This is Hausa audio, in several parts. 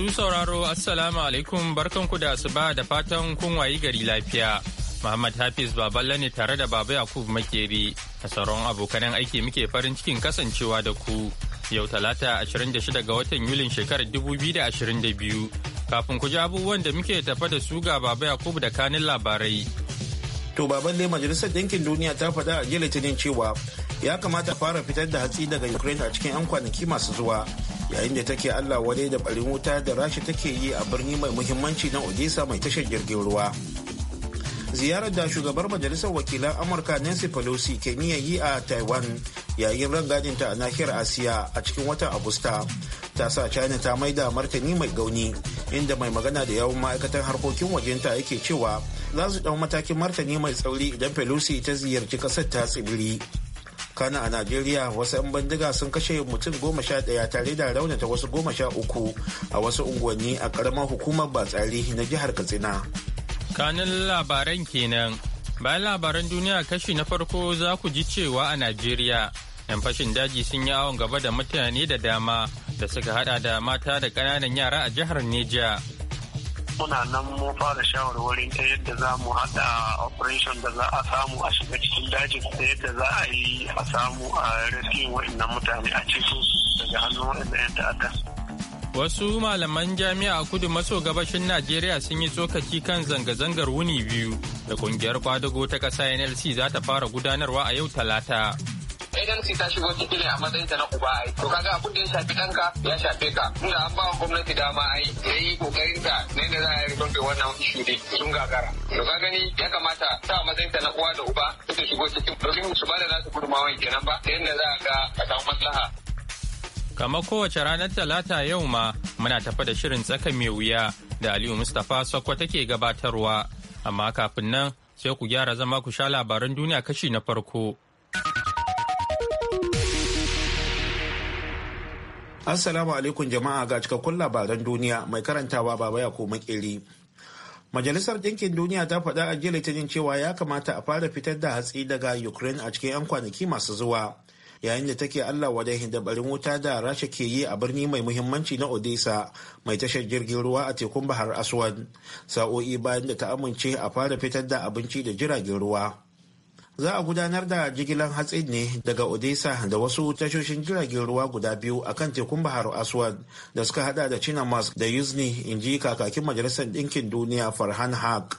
Masu sauraro Assalamu alaikum barkan barkanku da asuba da fatan kun wayi gari lafiya. Muhammad Hafiz Baballe ne tare da Baba Yakub Makeri a sauran abokanan aiki muke farin cikin kasancewa da ku. Yau talata 26 ga watan Yulin shekarar 2022. Kafin ku ji abubuwan da muke tafa da su ga Baba Yakub da kanin labarai. To Baballe Majalisar Dinkin Duniya ta faɗa a jiya Litinin cewa ya kamata fara fitar da hatsi daga Ukraine a cikin 'yan kwanaki masu zuwa. yayin da take allah wadai da barin wuta da rasha take yi a birni mai muhimmanci na odisa mai tashar jirgin ruwa ziyarar da shugabar majalisar wakilan amurka nancy pelosi ke niyya yi a taiwan yayin ta a nahiyar asiya a cikin watan agusta ta sa china ta maida martani mai gauni inda mai magana da yawon ma'aikatan harkokin wajenta yake cewa za su ɗau matakin martani mai tsauri idan pelosi ta ziyarci ƙasar ta tsibiri kana a najeriya wasu 'yan bindiga sun kashe mutum goma sha ɗaya tare da raunata wasu goma sha uku a wasu unguwanni a karamar hukumar batsari na jihar katsina kanin labaran kenan bayan labaran duniya kashi na farko za ku ji cewa a najeriya 'yan fashin daji sun yi awon gaba da mutane da dama da suka hada da mata da ƙananan yara a jihar Nijar. muna nan mu fara shawarwarin ta yadda za mu haɗa operation da za a samu a shiga cikin dajin da yadda za a yi a samu a rescue wa'annan mutane a cikin daga hannun wa'annan 'yan ta'adda. Wasu malaman jami'a a kudu maso gabashin Najeriya sun yi tsokaci kan zanga-zangar wuni biyu da kungiyar kwadago ta ƙasa NLC za ta fara gudanarwa a yau talata. ANC ta shigo ciki ne a matsayin ta na uba ai to kaga abin da ya shafi danka ya shafe ka tunda an ba gwamnati dama ai yayi yi kokarin ta ne da za a yi rubutu wannan ishu sun gagara to ka gani ya kamata ta matsayin ta na uwa da uba suka shigo cikin domin su ba da za nasu gudunmawan kenan ba ta yadda za a ga a samu maslaha kamar kowace ranar talata yau ma muna tafa da shirin tsaka mai wuya da aliyu mustapha sokwa take gabatarwa amma kafin nan sai ku gyara zama ku sha labaran duniya kashi na farko Assalamu alaikum jama'a ga cikakkun labaran duniya mai karantawa baba ya ko makeri. Majalisar Ɗinkin Duniya ta faɗa a jiya Litinin cewa ya kamata a fara fitar da hatsi daga Ukraine a cikin 'yan kwanaki masu zuwa. Yayin da take Allah wadai da barin wuta da Rasha ke yi a birni mai muhimmanci na Odessa mai tashar jirgin ruwa a tekun Bahar Aswan, Sa'o'i bayan da ta amince a fara fitar da abinci da jiragen ruwa. za a gudanar da jigilar hatsi ne daga odessa da wasu tashoshin jiragen ruwa guda biyu a kan tekun bahar aswad da suka hada da china mask da yuzni in ji kakakin majalisar ɗinkin duniya farhan haq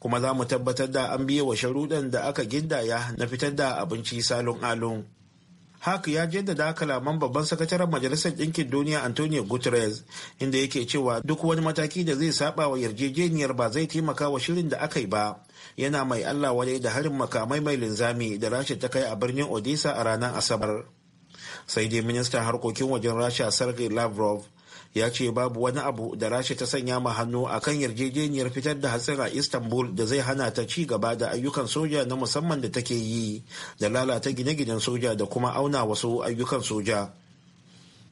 kuma za mu tabbatar da an biye wa sharuɗan da aka gindaya na fitar da abinci salon alon hak ya jaddada kalaman babban sakataren majalisar ɗinkin duniya antonio guterres inda yake cewa duk wani mataki da zai saba wa yarjejeniyar ba zai taimaka wa shirin da aka yi ba yana mai allah wadai da harin makamai mai linzami da rasha ta kai a birnin odisa a ranar asabar sai dai ministan harkokin wajen rasha sergei lavrov ya ce babu wani abu da rasha ta sanya ma hannu a kan yarjejeniyar fitar da hatsin a istanbul da zai hana ta ci gaba da ayyukan soja na musamman da take yi da lalata gine-ginen soja da kuma auna wasu ayyukan soja.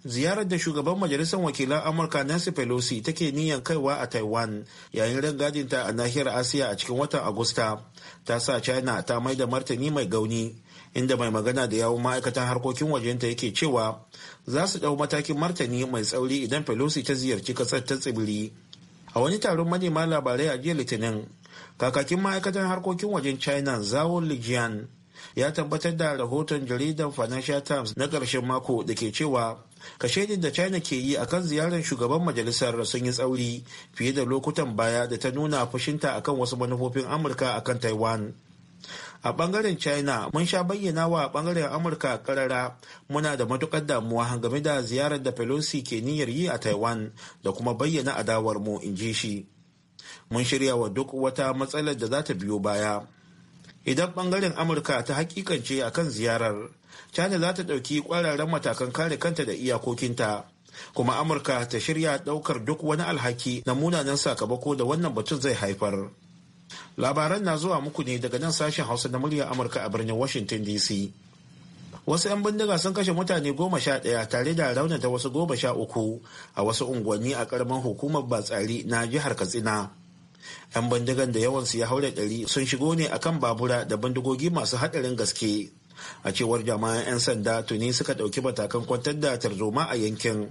ziyarar da shugaban majalisar wakilan amurka nancy pelosi take niyan kaiwa a taiwan yayin rangadinta a nahiyar asiya a cikin watan agusta ta sa china ta mai da martani mai gauni inda mai magana da yawun ma'aikatan harkokin wajenta yake cewa za su ɗau matakin martani mai tsauri idan pelosi ta ziyarci ƙasar ta tsibiri a wani taron manema labarai a jiya litinin kakakin ma'aikatan harkokin wajen china zawo lijian ya tabbatar da rahoton jaridar financial times na ƙarshen mako da ke cewa kashedin da china ke yi akan ziyarar shugaban majalisar sun yi tsauri fiye da lokutan baya da ta nuna fushinta akan wasu manufofin amurka akan taiwan a bangaren china mun sha bayyana wa bangaren amurka karara muna da matukar damuwa game da ziyarar da pelosi ke niyyar yi a taiwan da kuma bayyana adawar mu in ji shi mun shirya wa duk wata matsalar da za ta biyo baya idan bangaren amurka ta hakikance a kan ziyarar china za ta ɗauki kwararren matakan kare kanta da iyakokinta kuma amurka ta shirya ɗaukar duk wani alhaki na munanan sakamako da wannan batun zai haifar labaran na zuwa muku ne daga nan sashen hausa na murya amurka a birnin washington dc wasu 'yan bindiga sun kashe mutane goma sha ɗaya tare da raunata wasu goma sha uku a wasu unguwanni a ƙaramin hukumar batsari na jihar katsina 'yan bindigan da yawan yawansu ya haure ɗari sun shigo ne a kan babura da bindigogi masu haɗarin gaske a cewar jama'an 'yan sanda tuni suka ɗauki matakan kwantar da tarzoma a yankin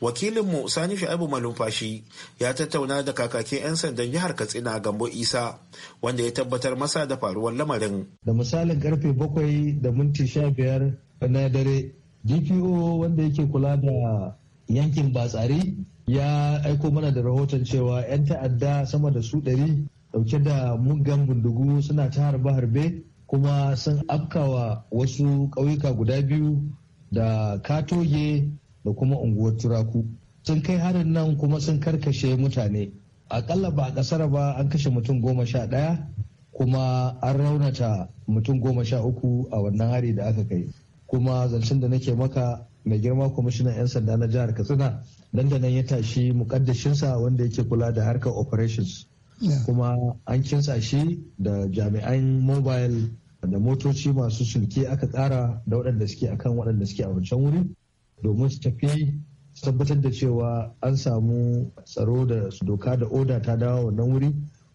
wakilinmu sani sha'ibu malumfashi ya tattauna da kakakin 'yan sandan jihar katsina gambo isa wanda ya tabbatar masa da faruwar lamarin da misalin karfe bakwai da minti sha biyar na dare dpo wanda yake kula da yankin batsari ya aiko mana da rahoton cewa 'yan ta'adda sama da su ɗari dauke da muggan bindigu suna ta harbe-harbe kuma sun afkawa wasu ƙauyuka guda biyu da katoge da kuma unguwar turaku sun kai harin nan kuma sun karkashe mutane aƙalla ba a ƙasar ba an kashe mutum goma sha ɗaya kuma an raunata mutum goma sha uku a wannan hari da aka kai kuma zancen da nake maka mai girma kwamishinan 'yan sanda na jihar katsina dan da nan ya tashi mukaddashinsa wanda yake kula da harkar operations kuma an kinsa shi da jami'an mobile da motoci masu sulke aka tsara da waɗanda suke akan waɗanda suke a wancan wuri domin su tafi tabbatar da cewa an samu tsaro da doka da oda ta dawo wannan wuri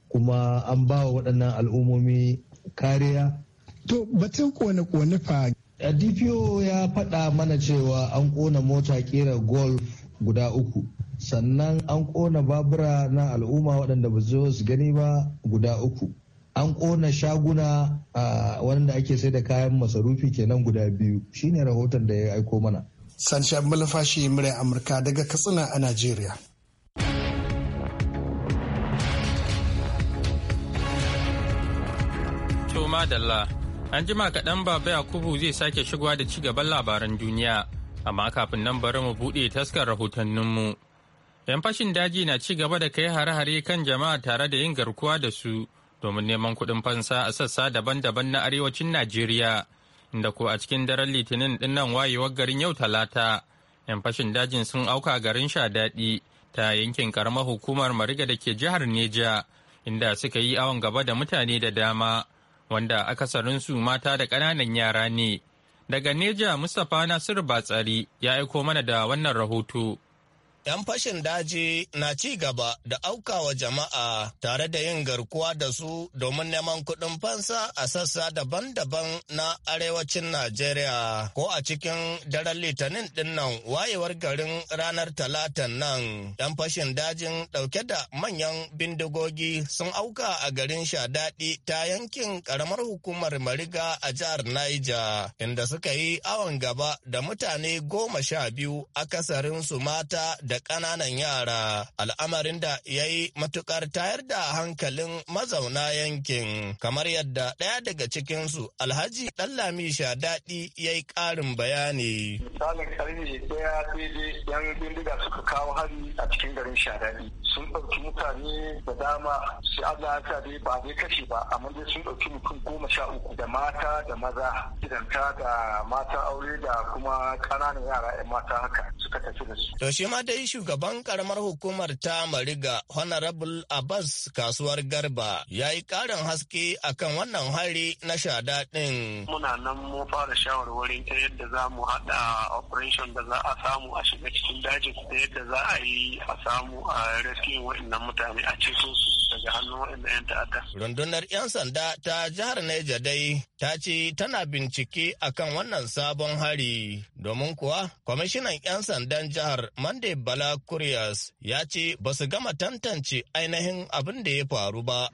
kuma an ba wa waɗannan al'ummomi kariya. To batun kone-kone fa Eh, dpo ya faɗa mana cewa an ƙona mota ƙera golf guda uku sannan an ƙona babura na al'umma waɗanda ba zo su gani ba guda uku an ƙona shaguna a wanda ake sai da kayan masarufi kenan guda biyu shine rahoton da ya aiko mana sanshi malafashi murya amurka daga katsina a najeriya to madalla An jima kaɗan Baba Yakubu zai sake shigowa da ci gaban labaran duniya, amma kafin nan bari mu buɗe taskar rahotanninmu. 'Yan fashin daji na ci gaba da kai hare-hare kan jama'a tare da yin garkuwa da su domin neman kuɗin fansa a sassa daban-daban na arewacin Najeriya, inda ko a cikin daren Litinin nan wayewar garin yau Talata, 'yan fashin dajin sun auka garin sha daɗi ta yankin karamar hukumar Mariga da ke jihar Neja, inda suka yi awon gaba da mutane da dama. wanda akasarinsu mata da ƙananan yara ne. Daga Neja Mustapha Nasiru Batsari ya aiko mana da wannan rahoto. 'yan fashin daji na ci gaba da aukawa jama'a tare da yin garkuwa da su domin neman kuɗin fansa a sassa daban-daban na arewacin Najeriya ko a cikin daren litinin dinnan wayewar garin ranar talatan nan. 'yan fashin dajin ɗauke da manyan bindigogi sun auka a garin Shadaɗi ta yankin ƙaramar hukumar Mariga a jihar Niger inda suka yi awon gaba da mutane goma sha biyu a su mata da da ƙananan yara al'amarin da ya yi matuƙar tayar da hankalin mazauna yankin kamar yadda ɗaya daga cikinsu alhaji ɗallami shadaɗi ya yi ƙarin bayani. Misalin ƙarni ɗaya daidai yan bindiga suka kawo hari a cikin garin shadaɗi sun ɗauki mutane da dama sai Allah ya dai ba zai kashe ba amma dai sun ɗauki mutum goma sha uku da mata da maza gidanta da mata aure da kuma ƙananan yara 'yan mata haka suka tafi da su. shi ma dai shugaban karamar hukumar ta Mariga Honorable Abbas kasuwar Garba ya yi ƙarin haske akan wannan hari na shada din. Muna nan mu fara shawarwarin ta yadda za mu haɗa operation da za a samu a shiga cikin dajin da yadda za a yi a samu a rescue waɗannan mutane a ceto su daga hannun waɗanda 'yan ta'adda. Rundunar 'yan sanda ta jihar Neja dai ta ce tana bincike akan wannan sabon hari domin kuwa kwamishinan 'yan sanda sandan jihar Monday Bala kurias ya ce ba su gama tantance ainihin abin da ya faru ba.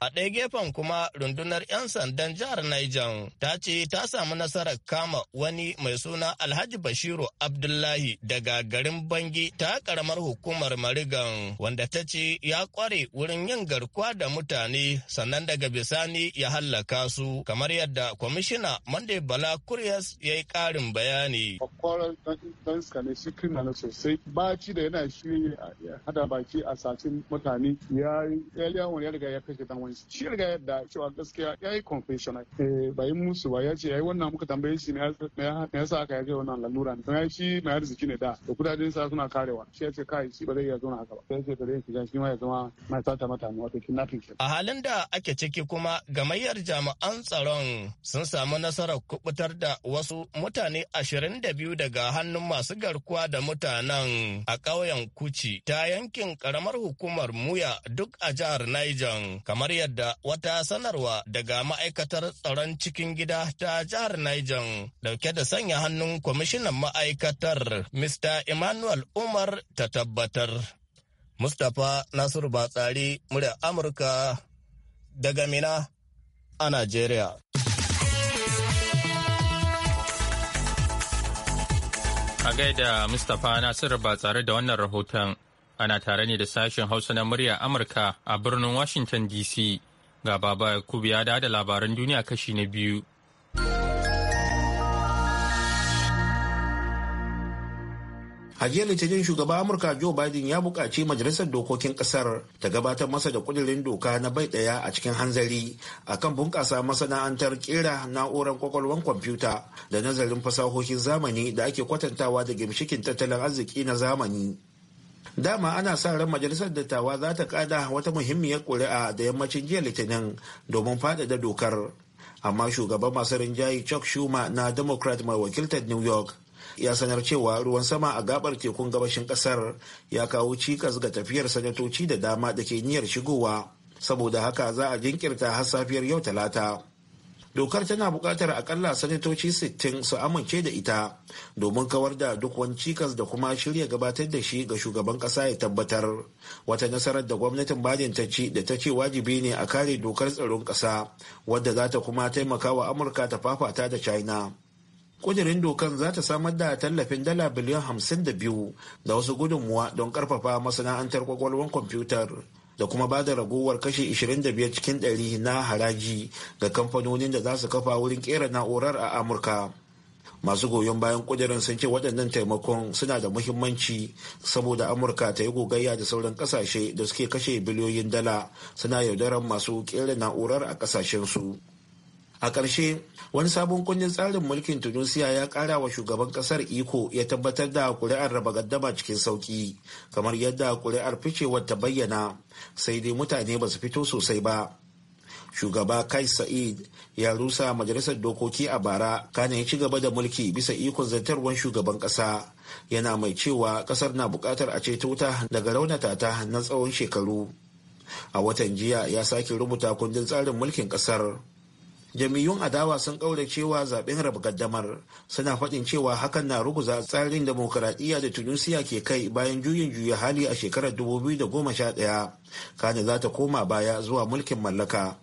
A ɗaya gefen kuma rundunar 'yan sandan jihar Niger ta ce ta samu nasarar kama wani mai suna Alhaji Bashiru Abdullahi daga garin Bangi ta karamar hukumar Marigan wanda ta ce ya kware wurin yin garkuwa da mutane sannan daga bisani wani ya hallaka su kamar yadda kwamishina Monday Bala Kuryas ya yi ƙarin bayani. kwarar dan iska ne shi na sosai ci da yana shi hada baki a sacin mutane ya yi yaliya ya riga ya kashe dan wani shi riga yadda cewa gaskiya ya yi confessional eh, ba yi musu ba ya ce ya yi wannan muka tambaye shi me ya sa aka yaje wannan lalura ne ya shi mai arziki ne da da kudaden sa suna karewa shi ya ce kai shi ba zai iya zauna haka ba sai ce ba zai shiga shi ma ya zama mai sata mutane wato kidnapping a halin da ake ciki kuma gamayyar jami'an tsaron sun samu nasarar kubutar da wasu mutane ashirin da biyu biyu daga hannun masu garkuwa da mutanen a ƙauyen Kuci ta yankin ƙaramar hukumar Muya duk a jihar Niger, kamar yadda wata sanarwa daga ma'aikatar tsaron cikin gida ta jihar Niger dauke da sanya hannun kwamishinan ma'aikatar Mr. Emmanuel Umar ta tabbatar. Mustapha Nasiru Batsari, murya Amurka daga Mina a Najeriya. A gaida Mustapha Nasiru ba tsare da wannan rahoton ana tare ne da sashen Hausa na murya Amurka a birnin Washington DC. Ga baba ya da labaran duniya kashi na biyu. A jiya Litinin shugaban Amurka Joe Biden ya bukaci majalisar dokokin ƙasar ta gabatar masa da ƙudurin doka na bai ɗaya a cikin hanzari a kan bunƙasa masana'antar ƙera na'urar kwakwalwar kwamfuta da nazarin fasahohin zamani da ake kwatantawa da gimshikin tattalin arziki na zamani. Dama ana sa ran majalisar dattawa za ta kada wata muhimmiyar ƙuri'a da yammacin jiya Litinin domin faɗaɗa dokar. Amma shugaban masu rinjaye Chuck Schumer na Democrat mai wakiltar New York ya sanar cewa ruwan sama a gabar tekun gabashin kasar ya kawo cikas ga tafiyar sanatoci da dama da ke niyyar shigowa saboda haka za a jinkirta har safiyar yau talata dokar tana buƙatar akalla sanatoci 60 su amince da ita domin kawar da duk wani cikas da kuma shirya gabatar da shi ga shugaban ƙasa ya tabbatar wata nasarar da gwamnatin biden ta ci da ta ce wajibi ne a kare dokar tsaron ƙasa wadda za ta kuma taimaka wa amurka ta fafata da china Ƙudirin dokan za ta samar da tallafin dala biliyan hamsin da biyu da wasu gudunmuwa don karfafa masana'antar kwakwalwar kwamfutar da kuma ba da ragowar kashe 25 cikin 100 na haraji ga kamfanonin da za su kafa wurin kera na'urar a amurka masu goyon bayan kudirin sun ce waɗannan taimakon suna da muhimmanci saboda amurka ta yi gogayya da sauran ƙasashe da suke kashe biliyoyin dala suna yaudarar masu kera na'urar a su. a ƙarshe wani sabon kundin tsarin mulkin tunisia ya ƙara wa shugaban ƙasar iko ya tabbatar da kuri'ar raba gaddama cikin sauƙi kamar yadda kuri'ar ficewar ta bayyana sai dai mutane ba su fito sosai ba shugaba kai sa'id ya rusa majalisar dokoki a bara kana ya ci gaba da mulki bisa ikon zantarwar shugaban kasa yana mai cewa kasar na buƙatar a ceto ta daga raunata ta na tsawon shekaru a watan jiya ya sake rubuta kundin tsarin mulkin kasar jami'un adawa sun kaure cewa zaben raba gaddamar suna faɗin cewa hakan na ruguza tsarin demokuraɗiyya da tunisiya ke kai bayan juyin juya hali a shekarar 2011 kana za ta koma baya zuwa mulkin mallaka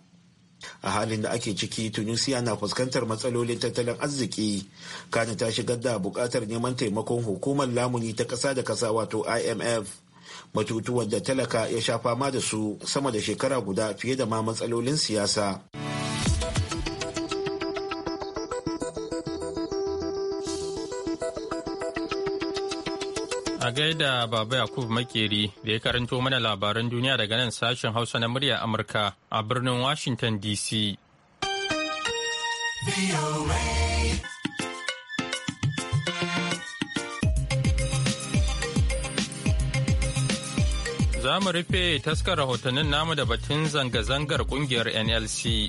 a halin da ake ciki tunisiya na fuskantar matsalolin tattalin arziki kana ta shigar da buƙatar neman taimakon hukumar lamuni ta ƙasa da ƙasa wato imf batutuwan da talaka ya sha fama da su sama da shekara guda fiye da ma matsalolin siyasa. A gaida Baba Yakub Makeri da ya karanto mana labaran duniya daga nan sashen Hausa na murya Amurka a birnin Washington DC. Za mu rufe taskar rahotannin namu da batun zanga-zangar kungiyar NLC.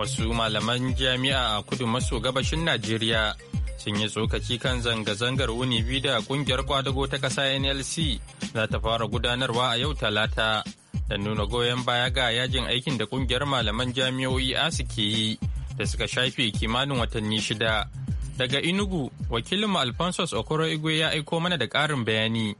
Wasu malaman jami'a a kudu maso gabashin Najeriya sun yi tsokaci kan zanga-zangar wuni biyu da kungiyar kwadago ta ƙasa nlc za ta fara gudanarwa a yau talata da nuna goyon baya ga yajin aikin da kungiyar malaman jami'o'i asu ke yi da suka shafe kimanin watanni shida daga inugu wakilin alphonsus okoro igwe ya aiko mana da ƙarin bayani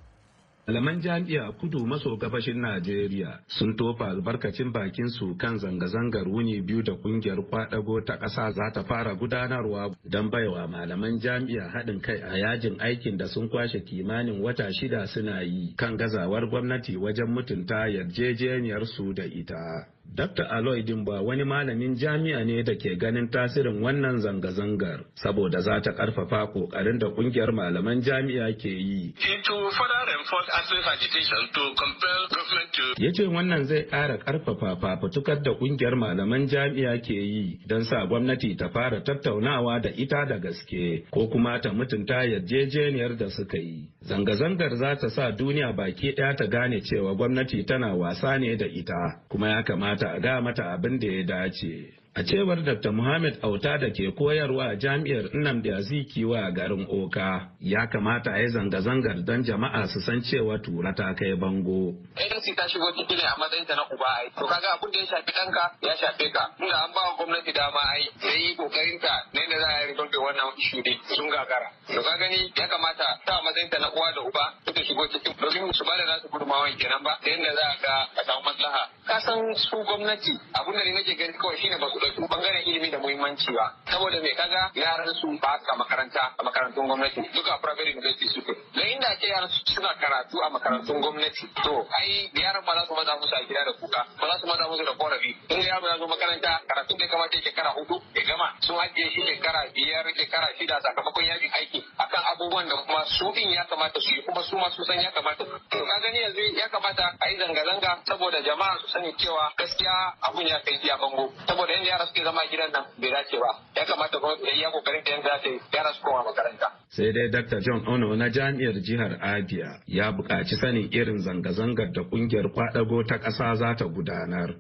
Malaman jami'a kudu maso gabashin Najeriya sun tofa albarkacin bakin su kan zanga-zangar wuni biyu da kungiyar kwadago ta ƙasa za ta fara gudanarwa don baiwa malaman jami'a haɗin kai a yajin aikin da sun kwashe kimanin wata shida suna yi kan gazawar gwamnati wajen mutunta yarjejeniyar su da ita. Dr. Aloy Dimba wani malamin jami'a ne da ke ganin tasirin wannan zanga-zangar saboda za ta karfafa kokarin da kungiyar malaman jami'a ke yi. Ya ce wannan zai ƙara karfafa fafutukar da kungiyar malaman jami'a ke yi don sa gwamnati ta fara tattaunawa da ita da gaske ko kuma ta mutunta yarjejeniyar da suka yi. Zanga-zangar za ta sa duniya baki ɗaya ta gane cewa gwamnati tana wasa ne da ita kuma ya kamata mata a gaya mata abin da ya dace A cewar Dr. Muhammad Auta da ke koyarwa a jami'ar Nnamdi Azikiwa a garin Oka, ya kamata a yi zanga-zangar don jama'a su san cewa tura ta kai bango. ANC ta shigo ciki ne a matsayin ta na uba ai. To kaga abin da ya shafi ɗanka ya shafe ka. Tunda an ba wa gwamnati dama ai sai yi kokarin ta ne da za a yi rufe wannan ishu ne sun gagara. To ka gani ya kamata ta a matsayin ta na uwa da uba ta shigo ciki domin su ba da su gudunmawan kenan ba ta yadda za a ga a samu maslaha. Ka san su gwamnati abin da ne nake gani kawai shine ba ɗauki bangaren ilimi da muhimmanci ba saboda me kaga yaran su ba a makaranta a makarantun gwamnati duka private university suke da inda ake yaran su suna karatu a makarantun gwamnati to ai yaran ba za su maza musu a gida da kuka ba za su maza musu da korafi in yaro ya zo makaranta karatu da kamata ya shekara hudu ya gama sun ajiye shi shekara biyar shekara shida sakamakon yakin aiki abubuwan da kuma su din ya kamata su yi kuma su ma su san ya kamata to ka gani yanzu ya kamata a yi zanga-zanga saboda jama'a su sani cewa gaskiya abun ya kai jiya bango saboda yanda yara suke zama gidan nan bai dace ba ya kamata gwamnati ta yi kokarin ta yanda zai yara su koma makaranta. sai dai dr john ono na jami'ar jihar abia ya buƙaci sanin irin zanga-zangar da ƙungiyar kwadago ta ƙasa za ta gudanar.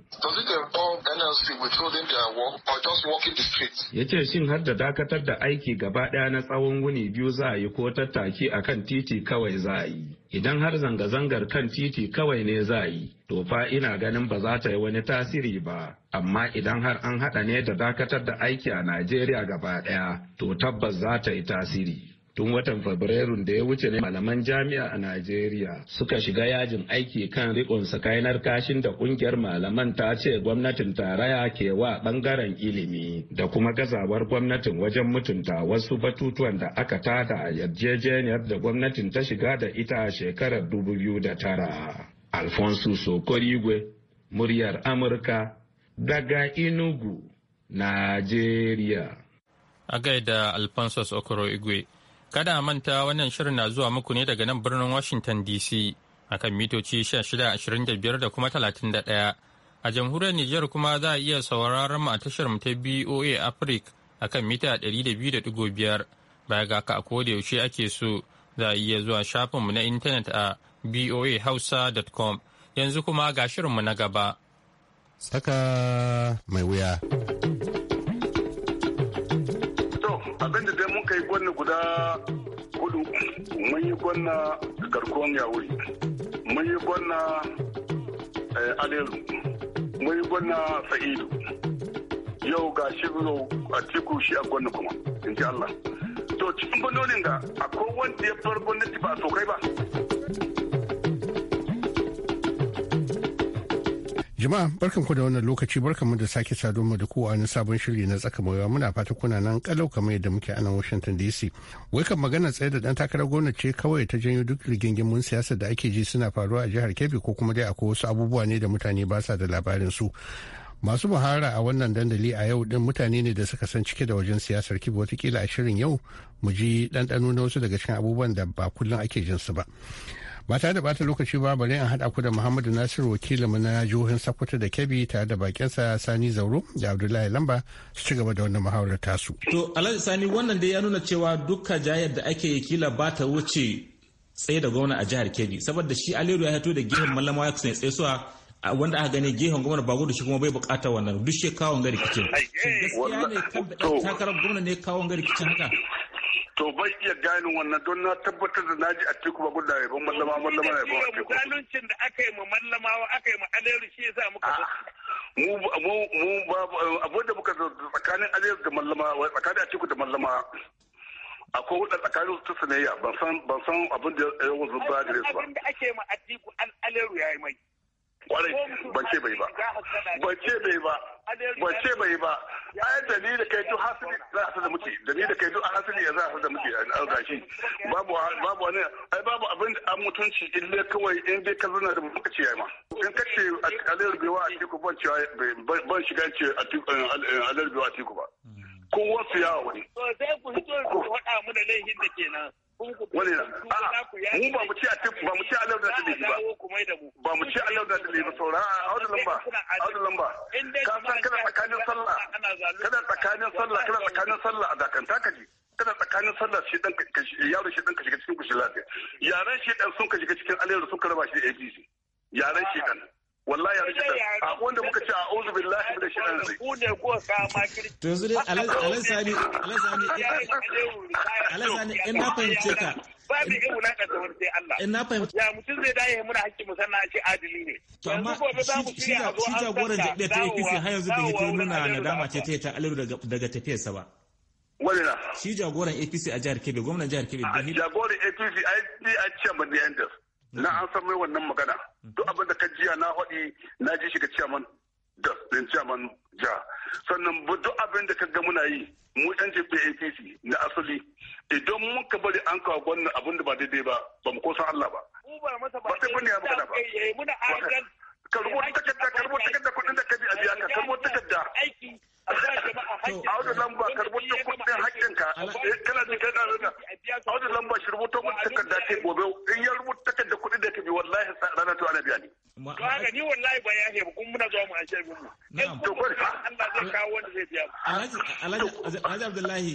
ya ce shin har da dakatar da aiki gaba ɗaya na tsawon wuni biyu za a yi ko wata tattaki a kan titi kawai za a yi idan har zanga-zangar kan titi kawai ne za a yi to fa ina ganin ba za ta yi wani tasiri ba amma idan har an haɗa ne da dakatar da aiki a najeriya gaba ɗaya to tabbas za ta yi tasiri tun watan Fabrairu da ya wuce ne malaman jami'a a najeriya suka shiga yajin aiki kan rikon sakainar kashin da kungiyar malaman ta ce gwamnatin tarayya ke wa bangaren ilimi da kuma gazawar gwamnatin wajen mutunta wasu batutuwan da aka tada a yarjejeniyar da gwamnatin ta shiga da ita a shekarar 2009 alfonso sokorigwe muryar amurka daga inugu najeriya a gaida alfonso okoro igwe Kada manta wannan shirin na zuwa muku ne daga nan birnin Washington DC a kan mitoci 1625 da kuma 31. A jamhuriyar Nijar kuma za a iya sauraron mu a tashar mu ta BOA Africa a kan mita 200.5 baya ga ka a koda yaushe ake so za a iya zuwa shafinmu na intanet a boahausa.com yanzu kuma ga shirinmu na gaba. Saka mai wuya. guda hudu mun yi gwanna garkuwan yawuri mun yi gwanna eh, alelu mun yi gwanna sa'idu yau ga shi a tiku shi a gwanna kuma in ji Allah to cikin gwanonin ga akwai wanda ya bar gwamnati ba sokai ba Jama'a barkan ku da wannan lokaci barkan mu da sake sadu mu da kowa a sabon shiri na tsaka mawuya muna fata kuna nan kalau kamar yadda muke a nan Washington DC. Wai kan magana tsaye da dan takarar gwamnati ce kawai ta janyo duk rigingimun siyasa da ake ji suna faruwa a jihar Kebbi ko kuma dai akwai wasu abubuwa ne da mutane ba sa da labarin su. Masu muhara a wannan dandali a yau din mutane ne da suka san cike da wajen siyasar Kebbi watakila a shirin yau mu ji ɗanɗano na wasu daga cikin abubuwan da ba kullum ake jin su ba. ba tare da bata lokaci ba bare an hada ku da muhammadu nasiru wakilinmu na jihohin sokoto da kebbi tare da bakinsa sani zauro da abdullahi lamba su ci gaba da wannan muhawarar tasu. to alhaji sani wannan dai ya nuna cewa dukka jayar da ake yi kila ba ta wuce tsaye da gwamna a jihar kebbi saboda shi aliyu ya hito da gehen malama ya kusa tsaye suwa wanda aka gane gehen gwamna ba gudu shi kuma bai bukata wannan duk shi kawon gari kicin. gaskiya ne kan da takarar gwamna ne kawon gari kicin haka. to bai iya gane wannan don na tabbatar da naji a cikin ba gudu yabon mallama mallama ya yaban a teku. Zaluncin da aka yi ma mallamawa aka yi ma alheri shi ya sa muka mu mu babu abu da muka tsakanin alheri da mallama tsakanin a cikin da mallama akwai wadda tsakanin su ta san ban san abin da ya wuzu ba gare su ba. Abin da ake ma a teku alheri ya yi mai. kwarai ban ce bai ba ban ce bai ba ban ce bai ba ai da ni da kai duk hasili za a da muke da ni da kai duk a hasili ya za a da muke an gashi babu babu wani ai babu abin da an mutunci in kawai in dai ka zana da muka ce ma in ka ce alayar bewa a tiku ban cewa ban shiga ce alayar bewa a tiku ba kowa su yawa wani. to sai ku fito ku faɗa mu da laifin da kenan. wani na mu ba mu ci a tip ba mu ci a lauda da ba ba mu ci a lauda da ba saura a audu lamba audu lamba ka san kana tsakanin sallah kana tsakanin sallah kana tsakanin sallah a dakanta ka ji kana tsakanin sallah shi dan yaro shi dan ka shiga cikin kushin lafiya yaran shi dan sun ka shiga cikin alheri sun ka raba shi da APC yaran shi dan wallahi yaran shi dan a wanda muka ce a'udhu billahi ku ne ko kama kirki to yanzu dai in eh, eh, na fahimce ka babu ka sai Allah in eh, na fahimce ya mutum zai dai muna hakki mu sanna ce adili ne to amma shi jagoran jaɗe ta yi kisi har yanzu bai ta nuna nadama ce ta yi ta aliru daga tafiyarsa ba Wani Shi jagoran APC a jihar Kebbi, gwamnan jihar Kebbi. Jagoran APC a chairman the Na an san mai wannan magana. Duk abin da ka jiya na haɗi na ji shi ga chairman da ɗin jaman ja sannan duk abin da kaga muna yi mu yan apc na asali idan muka bari an kawo wannan abin da ba daidai ba ba mu kosa allah ba ba sai mun ya magana ba eh, eh, ka rubuta takarda ka rubuta takarda kudin da ka bi a biya ka ka rubuta takarda a wata lamba ka rubuta kuɗin eh, kana jin kai ɗan a wata lamba shi rubuta mun takarda ce gobe in ya rubuta takarda kudin da ka bi wallahi ranar to ana biya ne To haka ni wallahi ba kuma muna zuwa mu ashe mu. To ko Allah kawo wanda zai biya. Alhaji Alhaji Abdullahi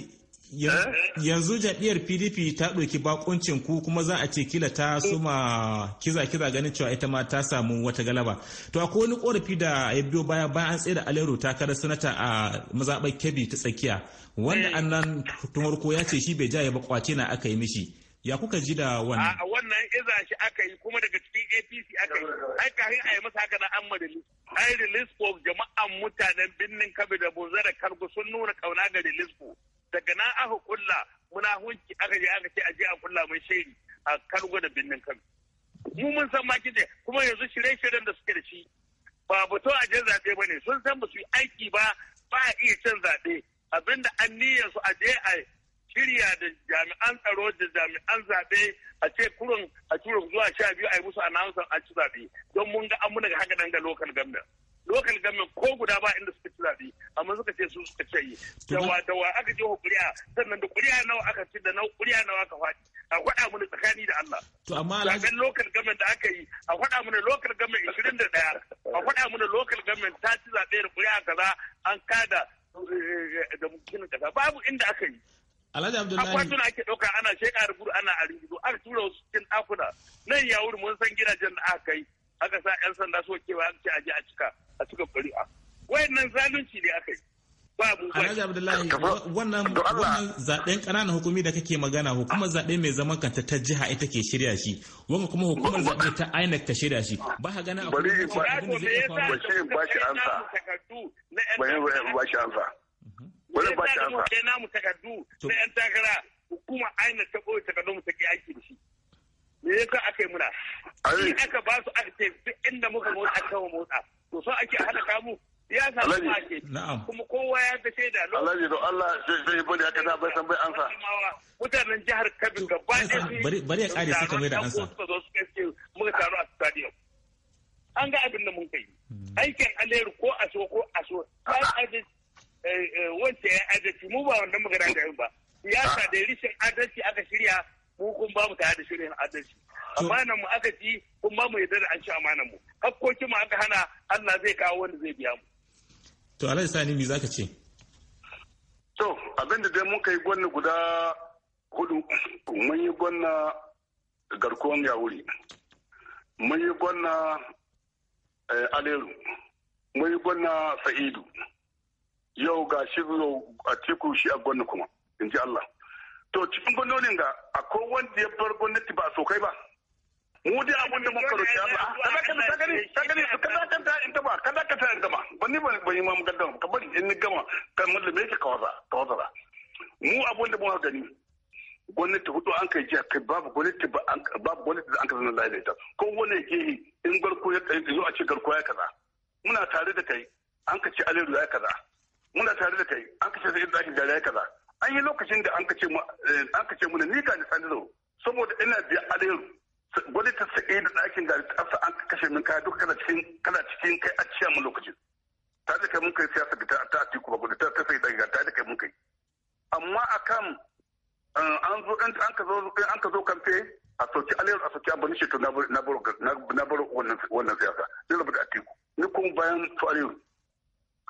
eh? yanzu jam'iyyar pdp ta ɗauki bakuncin ku kuma za a ce kila ta suma kiza-kiza ganin cewa ita ma ta samu wata galaba to akwai wani korafi da ya biyo baya bayan an tsaye da alero takarar sanata a mazaɓar kebbi ta tsakiya wanda eh. annan tumarko ya ce shi bai jaye ba kwace na aka yi mishi ya kuka ji da wannan a wannan iza shi aka yi kuma daga cikin APC aka yi ai kafin a yi masa haka na an madali ai release for jama'an mutanen binnin kabe da boza da kargo sun nuna kauna ga release ko daga nan aka kulla muna hunki aka je aka ce a je a kulla mai shaidi a kargo da binnin kabe mu mun san ma kije kuma yanzu shirye-shiryen da suke da shi ba fito a je zaɓe ba ne sun san ba su yi aiki ba ba a iya cin zaɓe abinda an niyyar su a je a shirya da jami'an tsaro da jami'an zaɓe a ce kurun a kurun zuwa sha biyu a yi musu announcement a ci zaɓe don mun ga an muna ga haka ga local government local government ko guda ba inda suka ci zaɓe amma suka ce su suka ce yi dawa dawa aka je kuri'a sannan da kuri'a nawa aka ci da nawa kuri'a nawa aka faɗi a faɗa mana tsakani da Allah to amma zaben local government da aka yi a faɗa mana local government 21 a faɗa mana local government ta ci zaɓe da kuri'a kaza an kada da eh, eh, mukinin kaza babu inda aka yi Alhaji Abdullahi. Akwatuna ake ɗauka ana sheƙa rubutu ana a rubutu aka tura wasu cikin ɗakuna nan ya wuri mun san gidajen da aka kai aka sa 'yan sanda so kewa aka ce aje a cika a cika ƙuri'a. Wayannan zalunci ne aka yi. Alhaji Abdullahi wannan wannan zaben ƙananan hukumi da kake magana hukumar zaɓe mai zaman kanta ta jiha ita ke shirya shi wanda kuma hukumar zaɓe ta INEC ta shirya shi ba ka gana akwai abin da zai faru ba shi ba shi ansa ba shi ansa wani ba ba amsa kai namu takardu sai yan takara hukuma aina ta boye takardun mu take aiki da shi me yasa aka yi muna shi aka ba su aka ce duk inda muka motsa aka mu motsa to so ake halaka mu ya samu ake kuma kowa ya ga shaida Alhaji to Allah zai bari haka da bai san bai ansa mutanen jihar Kebbi gaba ɗaya bari bari ya kare sai ka mai da ansa muka taru a stadium an ga abin da mun kai hmm. aikin alheri ko a so ko a so Eh, eh, wacce ya adalci mu ba wanda magana da yin ba siyasa da rishin adalci aka shirya mu kun ba mu tare da shirin adalci amanan mu aka ci kun ba mu yadda da an ci amanan mu hakkokin mu aka hana Allah zai kawo wanda zai biya mu to Alhaji Sani me zaka ce to abin da dai mun yi gwanna guda hudu mun yi gwanna garkuwan yawuri mun yi gwanna eh, aleru mun yi gwanna sa'idu yau ga shi a teku shi a gwamna kuma in ji Allah to cikin gwanonin ga akwai wanda ya bar gwamnati ba sokai ba mu dai abun da muka roƙi Allah kada ka ta gani ta gani kada ka ta in gama kada ka ta in gama ba ni ban yi ma mugaddam ka bari in ni gama kan mulle me yake kawaza kawaza mu abin da muka gani gwamnati hudu an kai jiya kai babu gwamnati babu gwamnati da an ka zanen lafiya ta ko wani yi, in garko ya kai zo a ce garko ya kaza muna tare da kai an ka ci aliru ya kaza muna tare da kai an kace sai zaki dariya kaza an yi lokacin da an kace mu eh, an kace mu ni ka ni zo saboda ina biya alayyar gwani ta sa'i da ɗakin gari ta afsa an kashe min kaya duk kana cikin kana cikin kai a ciya mu lokacin ta da kai mun kai siyasa da ta atiku ba gudu ta sai ɗakin gari ta da kai mun kai amma akan eh, an zo an ka zo an ka zo kamfe a soki alayyar a soki abin shi to na baro wannan siyasa ni rabu da ku ni kuma bayan to alayyar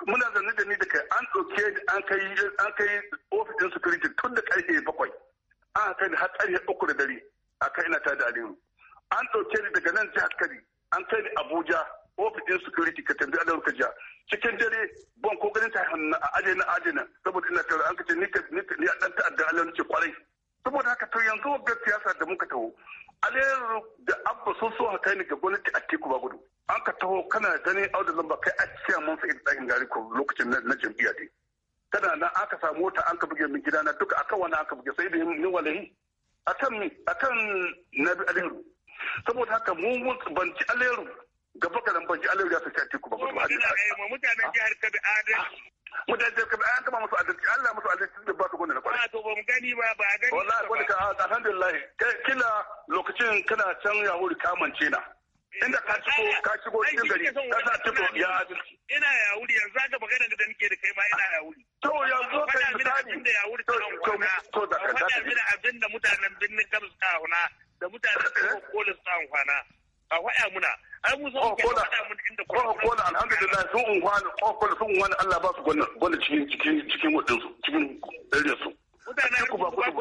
muna zanne da ni daga an ɗauke an kai an kai ofishin security tun da ƙarfe bakwai an kai har karfe uku da dare a kai ina tada aliyu an ɗauke ni daga nan jihar kari an kai ni abuja ofishin security ka tambi adawar ka jiya cikin dare ban ko ganin ta a ajiye na ajiye na saboda ina tara an kace ni ni a ɗan ta'adda alamu ce kwarai saboda haka to yanzu wagga siyasa da muka taho alayyar da abba so so haka ni ga gwamnati a teku ba gudu an ka taho kana ganin auda lamba kai a cikin mun sa'id ɗakin gari ko lokacin na jam'iyya dai tana nan aka samu mota an ka buge min gidana duka akan wani aka buge sai da ni walahi kan akan nabi alayyar saboda haka mu mun banci alayyar gaba kalan banci alayyar ya sa teku ba gudu. mutanen jihar kabi adalci mutane an taba musu adalci Allah musu adalci da ba su gwanda na kwarai. to ba mu gani ba ba a gani. wallahi gwanda ka ah, alhamdulillah kila lokacin kana can yahudi kamance na. inda ka shigo ka shigo cikin gari ka sa tuko ya adalci. ina yawuri, yanzu aka magana da nake da kai ma ina yawuri. to yanzu ka yi misali da yahudi ta nan kwana. to da ka da abin da abin da mutanen birnin kamsu ta huna da mutanen eh? kolis ta kwana, a waya muna ai mu zo oh, ko Allah ba su gwanna cikin cikin cikin wadin su su ba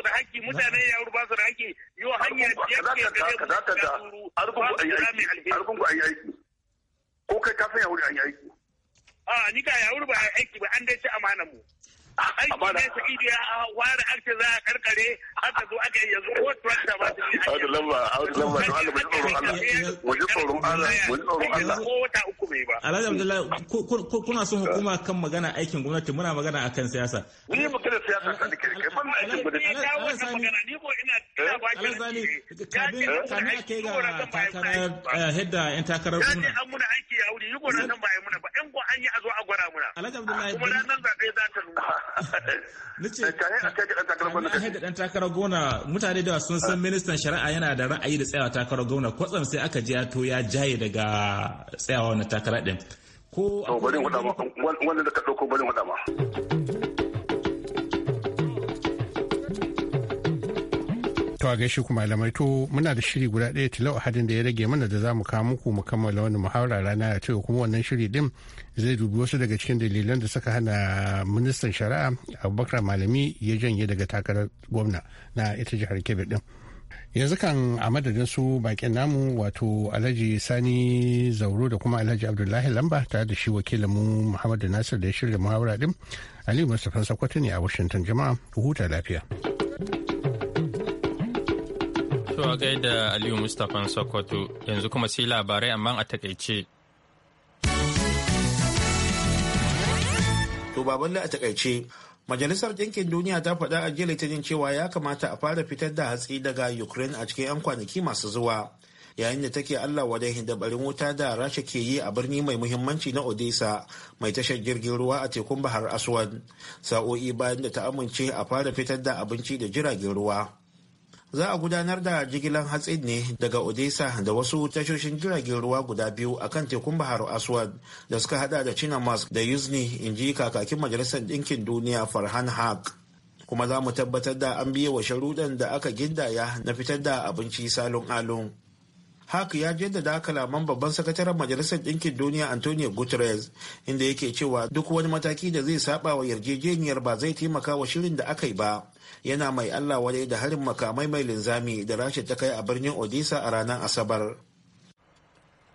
da haƙƙi mutane ya ba su da haƙƙi yo hanya ya ke da da da ayi aiki ayi aiki ko kai ka ya wuri ayi aiki a ah, ni ka ya wuri ba aiki ba an dai ci amanan mu aiki ne sa'idu ya ware za a karkare haka zo aka yanzu ko tractor ba su yi lamba lamba Allah Allah Allah Allah. Ko wata uku bai ba. kuna son hukuma kan magana aikin gwamnati muna magana akan siyasa. magana siyasa kan ban aikin gwamnati. ga takarar hedda eh, yan takarar an muna aiki ya wuri nan ba muna ba. ko an yi a muna. Kuma Nace dan takarar gona mutane da sun san ministan shari'a yana da ra'ayi da tsayawa takarar gona kwatsam sai aka ji ya to ya jaye daga tsayawa na takara din. Ko a wani da ka dauko barin wada ba. To a gaishe ku malamai to muna da shiri guda ɗaya tilau hadin da ya rage mana da za mu kawo muku mu kammala wani muhawara rana ya cewa kuma wannan shiri din zai dubi wasu daga cikin dalilan da suka hana ministan shari'a Abubakar Malami ya janye daga takarar gwamna na ita jihar Kebbi din. yanzu kan a madadin su bakin namu wato alhaji sani zauro da kuma alhaji abdullahi lamba tare da shi wakilinmu muhammadu nasir da ya shirya muhawara din aliyu mustapha sakwato ne a washington jama'a huta lafiya. To da gaida Aliyu Mustapha Sokoto yanzu kuma sai labarai amma a takaice. To baballe a takaice Majalisar Ɗinkin Duniya ta faɗa a jiya Litinin cewa ya kamata a fara fitar da hatsi daga Ukraine a cikin 'yan kwanaki masu zuwa. Yayin da take Allah wadai da barin wuta da Rasha ke yi a birni mai muhimmanci na Odessa mai tashar jirgin ruwa a tekun Bahar Aswan. Sa'o'i bayan da ta amince a fara fitar da abinci da jiragen ruwa. za a gudanar da jigilan hatsi ne daga odessa da wasu tashoshin jiragen ruwa guda biyu a kan tekun bahar aswad da suka hada da chinamask da yuzni in ji kakakin majalisar ɗinkin duniya farhan haq kuma za mu tabbatar da an biya wa sharuɗan da aka gindaya na fitar da abinci salon alon hak ya jaddada kalaman babban sakataren majalisar ɗinkin duniya antonio guterres inda yake cewa duk wani mataki da zai saba wa yarjejeniyar ba zai taimaka wa shirin da aka yi ba yana mai allah wadai da harin makamai mai linzami da rasha ta kai a birnin odisa a ranar asabar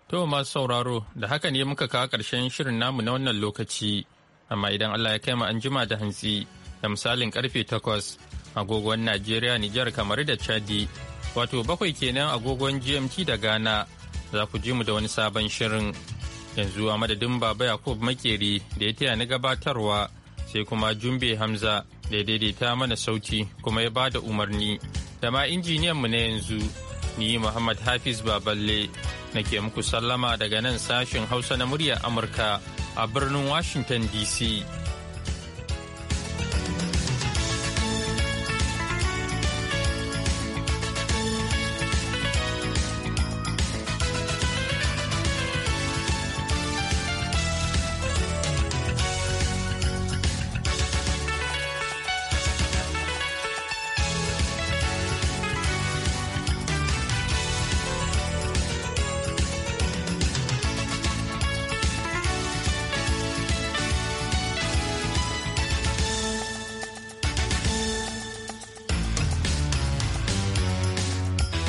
to masu sauraro da haka ne muka kawo ƙarshen shirin namu na wannan lokaci amma idan allah ya kai mu an jima da hantsi da misalin karfe takwas agogon najeriya nijar kamar da chadi wato bakwai kenan agogon gmt da ghana za ku ji mu da wani sabon shirin yanzu a madadin baba yakub makeri da ya taya ni gabatarwa sai kuma jumbe hamza da ya daidaita mana sauti kuma ya bada umarni da ma injiniyan mu na yanzu ni Muhammad Hafiz Baballe nake muku sallama daga nan sashen Hausa na muryar Amurka a birnin Washington DC.